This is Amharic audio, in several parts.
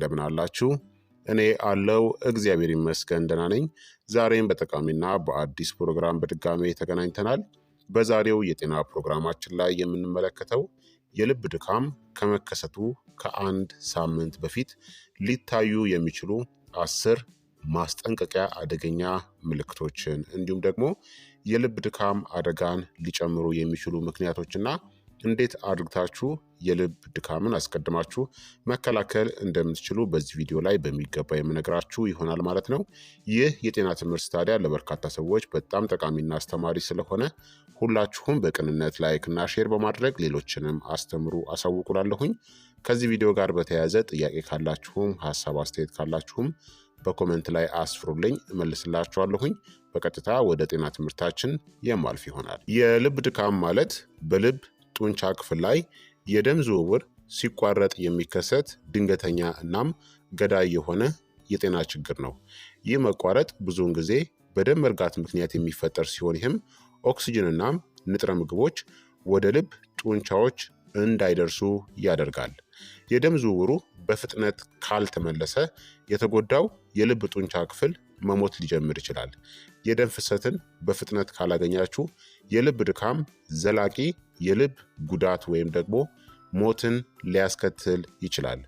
እንደምን አላችሁ? እኔ አለው እግዚአብሔር ይመስገን ደህና ነኝ። ዛሬም በጠቃሚና በአዲስ ፕሮግራም በድጋሜ ተገናኝተናል። በዛሬው የጤና ፕሮግራማችን ላይ የምንመለከተው የልብ ድካም ከመከሰቱ ከአንድ ሳምንት በፊት ሊታዩ የሚችሉ አስር ማስጠንቀቂያ አደገኛ ምልክቶችን እንዲሁም ደግሞ የልብ ድካም አደጋን ሊጨምሩ የሚችሉ ምክንያቶችና እንዴት አድርግታችሁ የልብ ድካምን አስቀድማችሁ መከላከል እንደምትችሉ በዚህ ቪዲዮ ላይ በሚገባ የምነግራችሁ ይሆናል ማለት ነው። ይህ የጤና ትምህርት ታዲያ ለበርካታ ሰዎች በጣም ጠቃሚና አስተማሪ ስለሆነ ሁላችሁም በቅንነት ላይክና ሼር በማድረግ ሌሎችንም አስተምሩ አሳውቁላለሁኝ። ከዚህ ቪዲዮ ጋር በተያያዘ ጥያቄ ካላችሁም ሀሳብ አስተያየት ካላችሁም በኮመንት ላይ አስፍሩልኝ እመልስላችኋለሁኝ። በቀጥታ ወደ ጤና ትምህርታችን የማልፍ ይሆናል። የልብ ድካም ማለት በልብ የጡንቻ ክፍል ላይ የደም ዝውውር ሲቋረጥ የሚከሰት ድንገተኛ እናም ገዳይ የሆነ የጤና ችግር ነው። ይህ መቋረጥ ብዙውን ጊዜ በደም መርጋት ምክንያት የሚፈጠር ሲሆን ይህም ኦክስጅንና ንጥረ ምግቦች ወደ ልብ ጡንቻዎች እንዳይደርሱ ያደርጋል። የደም ዝውውሩ በፍጥነት ካልተመለሰ የተጎዳው የልብ ጡንቻ ክፍል መሞት ሊጀምር ይችላል። የደም ፍሰትን በፍጥነት ካላገኛችሁ የልብ ድካም ዘላቂ የልብ ጉዳት ወይም ደግሞ ሞትን ሊያስከትል ይችላል።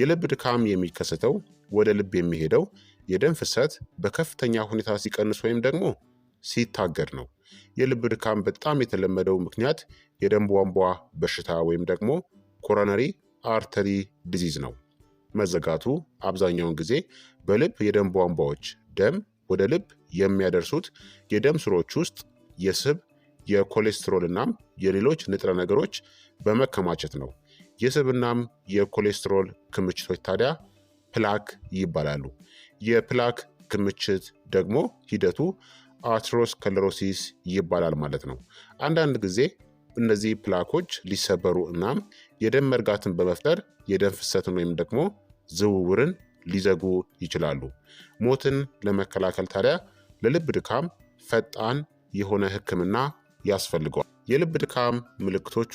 የልብ ድካም የሚከሰተው ወደ ልብ የሚሄደው የደም ፍሰት በከፍተኛ ሁኔታ ሲቀንስ ወይም ደግሞ ሲታገድ ነው። የልብ ድካም በጣም የተለመደው ምክንያት የደም ቧንቧ በሽታ ወይም ደግሞ ኮሮነሪ አርተሪ ዲዚዝ ነው። መዘጋቱ አብዛኛውን ጊዜ በልብ የደም ቧንቧዎች ደም ወደ ልብ የሚያደርሱት የደም ስሮች ውስጥ የስብ የኮሌስትሮል እናም የሌሎች ንጥረ ነገሮች በመከማቸት ነው። የስብናም የኮሌስትሮል ክምችቶች ታዲያ ፕላክ ይባላሉ። የፕላክ ክምችት ደግሞ ሂደቱ አትሮስከለሮሲስ ይባላል ማለት ነው። አንዳንድ ጊዜ እነዚህ ፕላኮች ሊሰበሩ እናም የደም መርጋትን በመፍጠር የደም ፍሰትን ወይም ደግሞ ዝውውርን ሊዘጉ ይችላሉ። ሞትን ለመከላከል ታዲያ ለልብ ድካም ፈጣን የሆነ ህክምና ያስፈልገዋል። የልብ ድካም ምልክቶቹ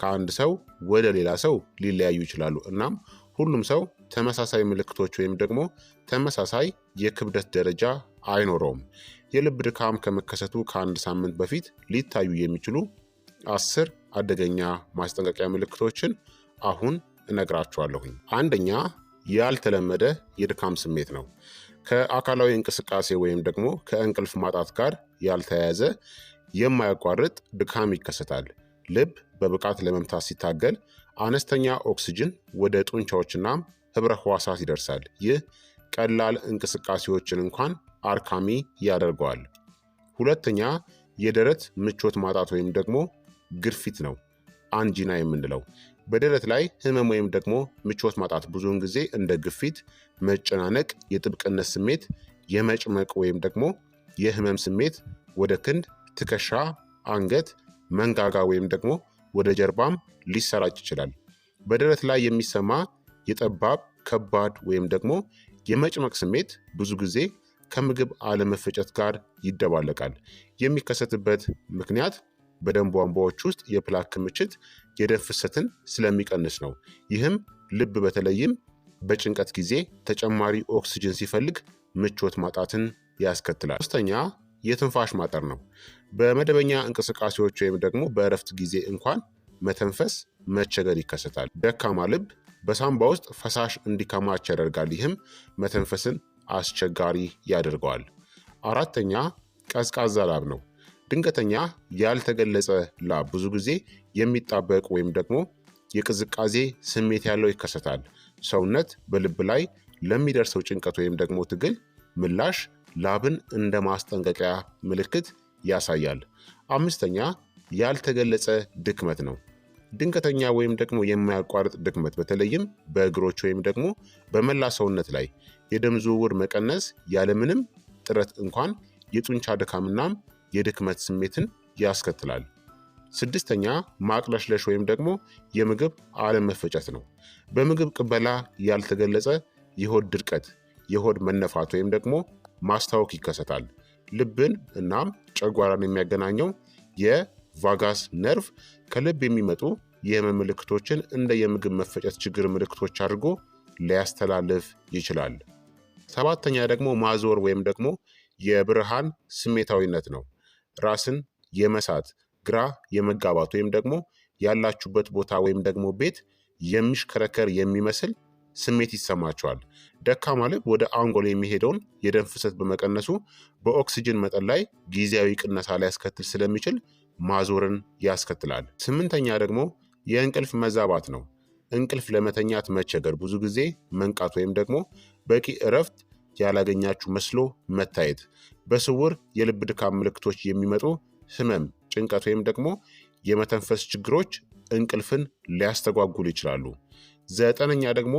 ከአንድ ሰው ወደ ሌላ ሰው ሊለያዩ ይችላሉ። እናም ሁሉም ሰው ተመሳሳይ ምልክቶች ወይም ደግሞ ተመሳሳይ የክብደት ደረጃ አይኖረውም። የልብ ድካም ከመከሰቱ ከአንድ ሳምንት በፊት ሊታዩ የሚችሉ አስር አደገኛ ማስጠንቀቂያ ምልክቶችን አሁን እነግራችኋለሁኝ። አንደኛ ያልተለመደ የድካም ስሜት ነው። ከአካላዊ እንቅስቃሴ ወይም ደግሞ ከእንቅልፍ ማጣት ጋር ያልተያያዘ የማያቋርጥ ድካም ይከሰታል። ልብ በብቃት ለመምታት ሲታገል አነስተኛ ኦክስጅን ወደ ጡንቻዎችና ህብረ ህዋሳት ይደርሳል። ይህ ቀላል እንቅስቃሴዎችን እንኳን አርካሚ ያደርገዋል። ሁለተኛ የደረት ምቾት ማጣት ወይም ደግሞ ግርፊት ነው፣ አንጂና የምንለው በደረት ላይ ህመም ወይም ደግሞ ምቾት ማጣት ብዙውን ጊዜ እንደ ግፊት፣ መጨናነቅ፣ የጥብቅነት ስሜት፣ የመጭመቅ ወይም ደግሞ የህመም ስሜት ወደ ክንድ፣ ትከሻ፣ አንገት፣ መንጋጋ ወይም ደግሞ ወደ ጀርባም ሊሰራጭ ይችላል። በደረት ላይ የሚሰማ የጠባብ ከባድ ወይም ደግሞ የመጭመቅ ስሜት ብዙ ጊዜ ከምግብ አለመፈጨት ጋር ይደባለቃል። የሚከሰትበት ምክንያት በደም ቧንቧዎች ውስጥ የፕላክ ክምችት የደም ፍሰትን ስለሚቀንስ ነው። ይህም ልብ በተለይም በጭንቀት ጊዜ ተጨማሪ ኦክስጅን ሲፈልግ ምቾት ማጣትን ያስከትላል። ሶስተኛ የትንፋሽ ማጠር ነው። በመደበኛ እንቅስቃሴዎች ወይም ደግሞ በእረፍት ጊዜ እንኳን መተንፈስ መቸገር ይከሰታል። ደካማ ልብ በሳምባ ውስጥ ፈሳሽ እንዲከማች ያደርጋል። ይህም መተንፈስን አስቸጋሪ ያደርገዋል። አራተኛ ቀዝቃዛ ላብ ነው። ድንገተኛ ያልተገለጸ ላብ ብዙ ጊዜ የሚጣበቅ ወይም ደግሞ የቅዝቃዜ ስሜት ያለው ይከሰታል። ሰውነት በልብ ላይ ለሚደርሰው ጭንቀት ወይም ደግሞ ትግል ምላሽ ላብን እንደ ማስጠንቀቂያ ምልክት ያሳያል። አምስተኛ ያልተገለጸ ድክመት ነው። ድንገተኛ ወይም ደግሞ የማያቋርጥ ድክመት በተለይም በእግሮች ወይም ደግሞ በመላ ሰውነት ላይ የደም ዝውውር መቀነስ ያለምንም ጥረት እንኳን የጡንቻ ድካምናም የድክመት ስሜትን ያስከትላል። ስድስተኛ ማቅለሽለሽ ወይም ደግሞ የምግብ አለመፈጨት ነው። በምግብ ቅበላ ያልተገለጸ የሆድ ድርቀት፣ የሆድ መነፋት ወይም ደግሞ ማስታወክ ይከሰታል። ልብን እናም ጨጓራን የሚያገናኘው የቫጋስ ነርቭ ከልብ የሚመጡ የህመም ምልክቶችን እንደ የምግብ መፈጨት ችግር ምልክቶች አድርጎ ሊያስተላልፍ ይችላል። ሰባተኛ ደግሞ ማዞር ወይም ደግሞ የብርሃን ስሜታዊነት ነው። ራስን የመሳት ግራ የመጋባት ወይም ደግሞ ያላችሁበት ቦታ ወይም ደግሞ ቤት የሚሽከረከር የሚመስል ስሜት ይሰማቸዋል። ደካማ ልብ ወደ አንጎል የሚሄደውን የደም ፍሰት በመቀነሱ በኦክስጅን መጠን ላይ ጊዜያዊ ቅነሳ ሊያስከትል ስለሚችል ማዞርን ያስከትላል። ስምንተኛ ደግሞ የእንቅልፍ መዛባት ነው። እንቅልፍ ለመተኛት መቸገር ብዙ ጊዜ መንቃት ወይም ደግሞ በቂ እረፍት ያላገኛችሁ መስሎ መታየት፣ በስውር የልብ ድካም ምልክቶች የሚመጡ ህመም፣ ጭንቀት ወይም ደግሞ የመተንፈስ ችግሮች እንቅልፍን ሊያስተጓጉሉ ይችላሉ። ዘጠነኛ ደግሞ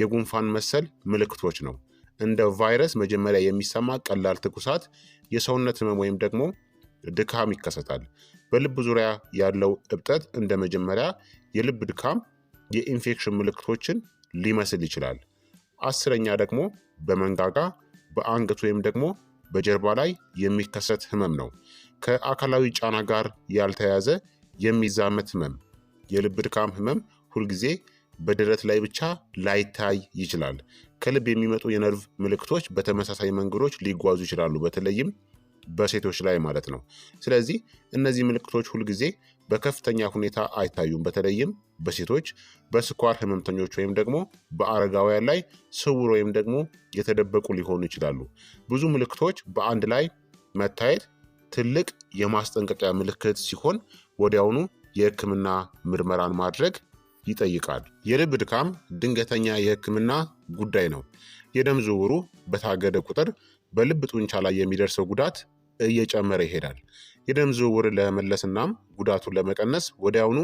የጉንፋን መሰል ምልክቶች ነው። እንደ ቫይረስ መጀመሪያ የሚሰማ ቀላል ትኩሳት፣ የሰውነት ህመም ወይም ደግሞ ድካም ይከሰታል። በልብ ዙሪያ ያለው እብጠት እንደ መጀመሪያ የልብ ድካም የኢንፌክሽን ምልክቶችን ሊመስል ይችላል። አስረኛ ደግሞ በመንጋጋ በአንገት ወይም ደግሞ በጀርባ ላይ የሚከሰት ህመም ነው። ከአካላዊ ጫና ጋር ያልተያያዘ የሚዛመት ህመም። የልብ ድካም ህመም ሁልጊዜ በደረት ላይ ብቻ ላይታይ ይችላል። ከልብ የሚመጡ የነርቭ ምልክቶች በተመሳሳይ መንገዶች ሊጓዙ ይችላሉ፣ በተለይም በሴቶች ላይ ማለት ነው። ስለዚህ እነዚህ ምልክቶች ሁልጊዜ በከፍተኛ ሁኔታ አይታዩም። በተለይም በሴቶች በስኳር ህመምተኞች ወይም ደግሞ በአረጋውያን ላይ ስውር ወይም ደግሞ የተደበቁ ሊሆኑ ይችላሉ። ብዙ ምልክቶች በአንድ ላይ መታየት ትልቅ የማስጠንቀቂያ ምልክት ሲሆን ወዲያውኑ የህክምና ምርመራን ማድረግ ይጠይቃል። የልብ ድካም ድንገተኛ የህክምና ጉዳይ ነው። የደም ዝውውሩ በታገደ ቁጥር በልብ ጡንቻ ላይ የሚደርሰው ጉዳት እየጨመረ ይሄዳል። የደም ዝውውርን ለመመለስናም ጉዳቱን ለመቀነስ ወዲያውኑ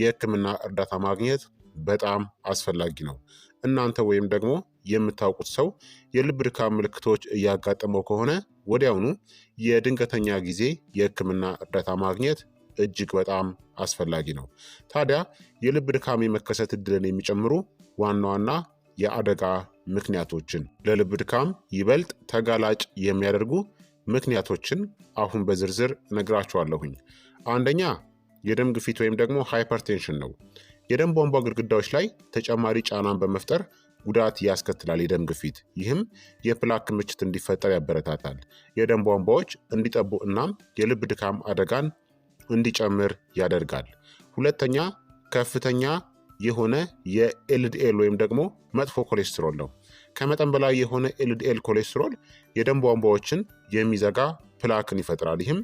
የህክምና እርዳታ ማግኘት በጣም አስፈላጊ ነው። እናንተ ወይም ደግሞ የምታውቁት ሰው የልብ ድካም ምልክቶች እያጋጠመው ከሆነ ወዲያውኑ የድንገተኛ ጊዜ የህክምና እርዳታ ማግኘት እጅግ በጣም አስፈላጊ ነው። ታዲያ የልብ ድካም የመከሰት እድልን የሚጨምሩ ዋና ዋና የአደጋ ምክንያቶችን ለልብ ድካም ይበልጥ ተጋላጭ የሚያደርጉ ምክንያቶችን አሁን በዝርዝር ነግራችኋለሁኝ። አንደኛ የደም ግፊት ወይም ደግሞ ሃይፐርቴንሽን ነው። የደም ቧንቧ ግድግዳዎች ላይ ተጨማሪ ጫናን በመፍጠር ጉዳት ያስከትላል። የደም ግፊት ይህም የፕላክ ምችት እንዲፈጠር ያበረታታል። የደም ቧንቧዎች እንዲጠቡ እናም የልብ ድካም አደጋን እንዲጨምር ያደርጋል። ሁለተኛ ከፍተኛ የሆነ የኤልዲኤል ወይም ደግሞ መጥፎ ኮሌስትሮል ነው። ከመጠን በላይ የሆነ ኤልዲኤል ኮሌስትሮል የደም ቧንቧዎችን የሚዘጋ ፕላክን ይፈጥራል። ይህም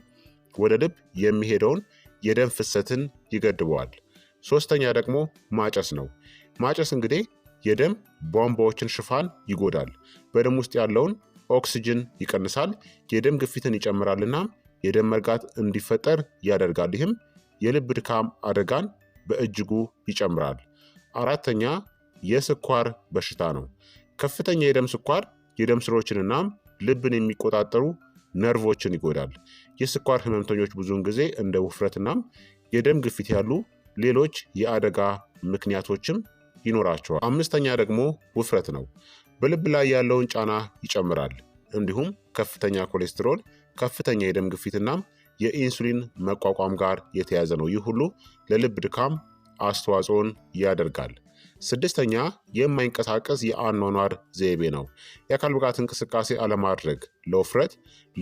ወደ ልብ የሚሄደውን የደም ፍሰትን ይገድበዋል። ሶስተኛ ደግሞ ማጨስ ነው። ማጨስ እንግዲህ የደም ቧንቧዎችን ሽፋን ይጎዳል። በደም ውስጥ ያለውን ኦክስጅን ይቀንሳል፣ የደም ግፊትን ይጨምራል እና የደም መርጋት እንዲፈጠር ያደርጋል። ይህም የልብ ድካም አደጋን በእጅጉ ይጨምራል። አራተኛ የስኳር በሽታ ነው። ከፍተኛ የደም ስኳር የደም ስሮችንና ልብን የሚቆጣጠሩ ነርቮችን ይጎዳል። የስኳር ህመምተኞች ብዙውን ጊዜ እንደ ውፍረትና የደም ግፊት ያሉ ሌሎች የአደጋ ምክንያቶችም ይኖራቸዋል። አምስተኛ ደግሞ ውፍረት ነው። በልብ ላይ ያለውን ጫና ይጨምራል። እንዲሁም ከፍተኛ ኮሌስትሮል፣ ከፍተኛ የደም ግፊትና የኢንሱሊን መቋቋም ጋር የተያዘ ነው። ይህ ሁሉ ለልብ ድካም አስተዋጽኦን ያደርጋል። ስድስተኛ የማይንቀሳቀስ የአኗኗር ዘይቤ ነው። የአካል ብቃት እንቅስቃሴ አለማድረግ ለውፍረት፣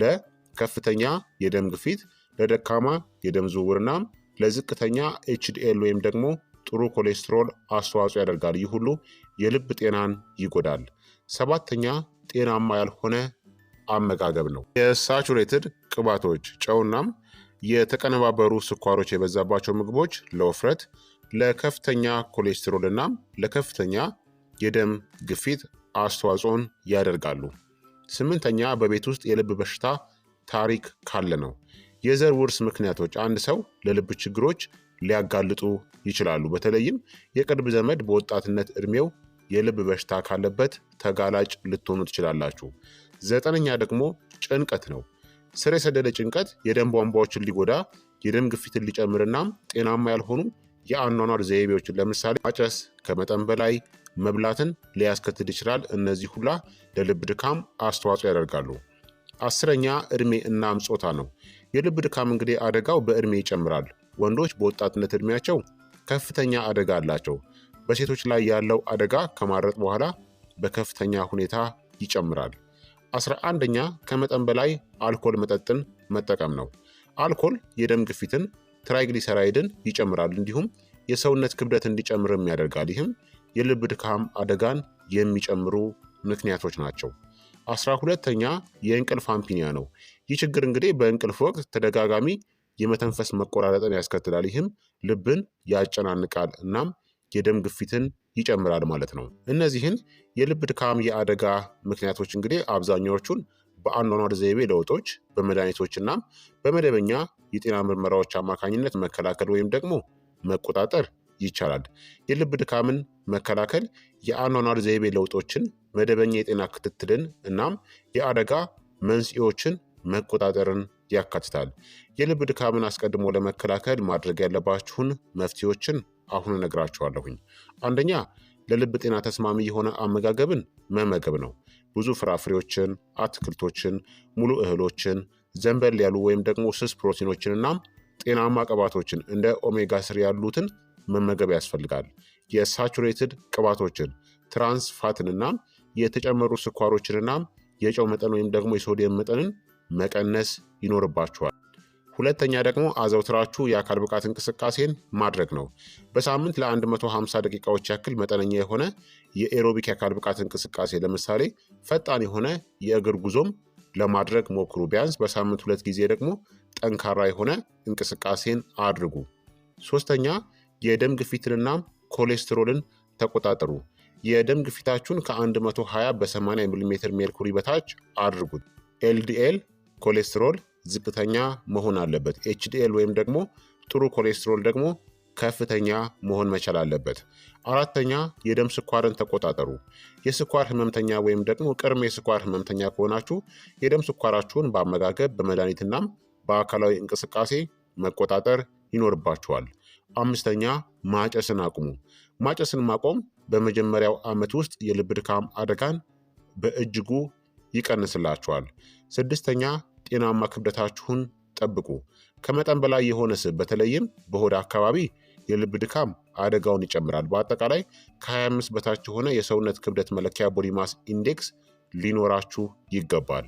ለከፍተኛ የደም ግፊት፣ ለደካማ የደም ዝውውርናም ለዝቅተኛ ኤችዲኤል ወይም ደግሞ ጥሩ ኮሌስትሮል አስተዋጽኦ ያደርጋል። ይህ ሁሉ የልብ ጤናን ይጎዳል። ሰባተኛ ጤናማ ያልሆነ አመጋገብ ነው። የሳቹሬትድ ቅባቶች ጨውናም የተቀነባበሩ ስኳሮች የበዛባቸው ምግቦች ለውፍረት ለከፍተኛ ኮሌስትሮል እና ለከፍተኛ የደም ግፊት አስተዋጽኦን ያደርጋሉ። ስምንተኛ በቤት ውስጥ የልብ በሽታ ታሪክ ካለ ነው። የዘር ውርስ ምክንያቶች አንድ ሰው ለልብ ችግሮች ሊያጋልጡ ይችላሉ። በተለይም የቅርብ ዘመድ በወጣትነት እድሜው የልብ በሽታ ካለበት ተጋላጭ ልትሆኑ ትችላላችሁ። ዘጠነኛ ደግሞ ጭንቀት ነው። ስር የሰደደ ጭንቀት የደም ቧንቧዎችን ሊጎዳ፣ የደም ግፊትን ሊጨምርና ጤናማ ያልሆኑ የአኗኗር ዘይቤዎችን ለምሳሌ ማጨስ፣ ከመጠን በላይ መብላትን ሊያስከትል ይችላል። እነዚህ ሁላ ለልብ ድካም አስተዋጽኦ ያደርጋሉ። አስረኛ እድሜ እናም ጾታ ነው። የልብ ድካም እንግዲህ አደጋው በእድሜ ይጨምራል። ወንዶች በወጣትነት እድሜያቸው ከፍተኛ አደጋ አላቸው። በሴቶች ላይ ያለው አደጋ ከማረጥ በኋላ በከፍተኛ ሁኔታ ይጨምራል። አስራ አንደኛ ከመጠን በላይ አልኮል መጠጥን መጠቀም ነው። አልኮል የደም ግፊትን ትራይግሊሰራይድን ይጨምራል። እንዲሁም የሰውነት ክብደት እንዲጨምርም ያደርጋል። ይህም የልብ ድካም አደጋን የሚጨምሩ ምክንያቶች ናቸው። አስራ ሁለተኛ የእንቅልፍ አምፒኒያ ነው። ይህ ችግር እንግዲህ በእንቅልፍ ወቅት ተደጋጋሚ የመተንፈስ መቆራረጥን ያስከትላል። ይህም ልብን ያጨናንቃል እናም የደም ግፊትን ይጨምራል ማለት ነው። እነዚህን የልብ ድካም የአደጋ ምክንያቶች እንግዲህ አብዛኛዎቹን በአኗኗር ዘይቤ ለውጦች፣ በመድኃኒቶች በመደበኛ የጤና ምርመራዎች አማካኝነት መከላከል ወይም ደግሞ መቆጣጠር ይቻላል። የልብ ድካምን መከላከል የአኗኗር ዘይቤ ለውጦችን፣ መደበኛ የጤና ክትትልን እናም የአደጋ መንስኤዎችን መቆጣጠርን ያካትታል። የልብ ድካምን አስቀድሞ ለመከላከል ማድረግ ያለባችሁን መፍትሄዎችን አሁን እነግራችኋለሁኝ። አንደኛ ለልብ ጤና ተስማሚ የሆነ አመጋገብን መመገብ ነው። ብዙ ፍራፍሬዎችን፣ አትክልቶችን፣ ሙሉ እህሎችን፣ ዘንበል ያሉ ወይም ደግሞ ስስ ፕሮቲኖችን እናም ጤናማ ቅባቶችን እንደ ኦሜጋ ስር ያሉትን መመገብ ያስፈልጋል። የሳቹሬትድ ቅባቶችን ትራንስ ፋትንናም የተጨመሩ ስኳሮችንናም የጨው መጠን ወይም ደግሞ የሶዲየም መጠንን መቀነስ ይኖርባቸዋል። ሁለተኛ ደግሞ አዘውትራችሁ የአካል ብቃት እንቅስቃሴን ማድረግ ነው። በሳምንት ለ150 ደቂቃዎች ያክል መጠነኛ የሆነ የኤሮቢክ የአካል ብቃት እንቅስቃሴ ለምሳሌ ፈጣን የሆነ የእግር ጉዞም ለማድረግ ሞክሩ። ቢያንስ በሳምንት ሁለት ጊዜ ደግሞ ጠንካራ የሆነ እንቅስቃሴን አድርጉ። ሶስተኛ የደም ግፊትንና ኮሌስትሮልን ተቆጣጠሩ። የደም ግፊታችሁን ከ120 በ80 ሚሜ ሜርኩሪ በታች አድርጉት። ኤልዲኤል ኮሌስትሮል ዝቅተኛ መሆን አለበት። ኤችዲኤል ወይም ደግሞ ጥሩ ኮሌስትሮል ደግሞ ከፍተኛ መሆን መቻል አለበት። አራተኛ የደም ስኳርን ተቆጣጠሩ። የስኳር ህመምተኛ ወይም ደግሞ ቅድመ የስኳር ህመምተኛ ከሆናችሁ የደም ስኳራችሁን በአመጋገብ በመድኃኒትናም በአካላዊ እንቅስቃሴ መቆጣጠር ይኖርባችኋል። አምስተኛ ማጨስን አቁሙ። ማጨስን ማቆም በመጀመሪያው ዓመት ውስጥ የልብ ድካም አደጋን በእጅጉ ይቀንስላችኋል። ስድስተኛ ጤናማ ክብደታችሁን ጠብቁ። ከመጠን በላይ የሆነ ስብ በተለይም በሆድ አካባቢ የልብ ድካም አደጋውን ይጨምራል። በአጠቃላይ ከ25 በታች የሆነ የሰውነት ክብደት መለኪያ ቦዲ ማስ ኢንዴክስ ሊኖራችሁ ይገባል።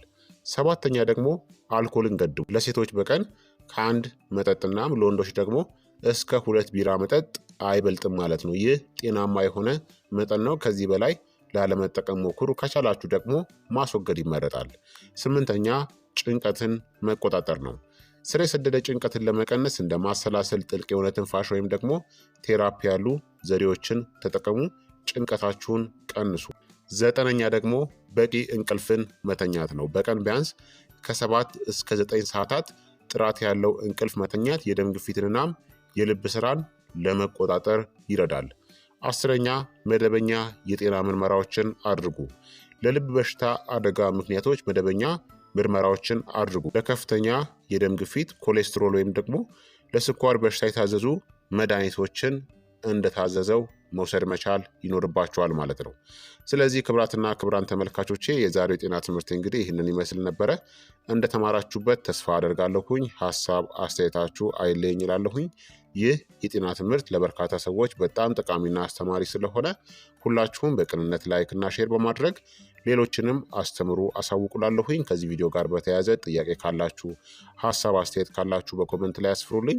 ሰባተኛ ደግሞ አልኮልን ገድቡ። ለሴቶች በቀን ከአንድ መጠጥና ለወንዶች ደግሞ እስከ ሁለት ቢራ መጠጥ አይበልጥም ማለት ነው። ይህ ጤናማ የሆነ መጠን ነው። ከዚህ በላይ ላለመጠቀም ሞክሩ። ከቻላችሁ ደግሞ ማስወገድ ይመረጣል። ስምንተኛ ጭንቀትን መቆጣጠር ነው። ስር የሰደደ ጭንቀትን ለመቀነስ እንደ ማሰላሰል፣ ጥልቅ የሆነ ትንፋሽ ወይም ደግሞ ቴራፒ ያሉ ዘዴዎችን ተጠቀሙ። ጭንቀታችሁን ቀንሱ። ዘጠነኛ ደግሞ በቂ እንቅልፍን መተኛት ነው። በቀን ቢያንስ ከሰባት እስከ ዘጠኝ ሰዓታት ጥራት ያለው እንቅልፍ መተኛት የደም ግፊትንናም የልብ ስራን ለመቆጣጠር ይረዳል። አስረኛ መደበኛ የጤና ምርመራዎችን አድርጉ። ለልብ በሽታ አደጋ ምክንያቶች መደበኛ ምርመራዎችን አድርጉ። ለከፍተኛ የደም ግፊት፣ ኮሌስትሮል ወይም ደግሞ ለስኳር በሽታ የታዘዙ መድኃኒቶችን እንደታዘዘው መውሰድ መቻል ይኖርባቸዋል ማለት ነው። ስለዚህ ክብራትና ክብራን ተመልካቾቼ የዛሬው የጤና ትምህርት እንግዲህ ይህንን ይመስል ነበረ። እንደተማራችሁበት ተስፋ አደርጋለሁኝ። ሀሳብ አስተያየታችሁ አይለየኝ እላለሁኝ። ይህ የጤና ትምህርት ለበርካታ ሰዎች በጣም ጠቃሚና አስተማሪ ስለሆነ ሁላችሁም በቅንነት ላይክና ሼር በማድረግ ሌሎችንም አስተምሩ አሳውቁላለሁኝ። ከዚህ ቪዲዮ ጋር በተያያዘ ጥያቄ ካላችሁ፣ ሀሳብ አስተያየት ካላችሁ በኮመንት ላይ ያስፍሩልኝ።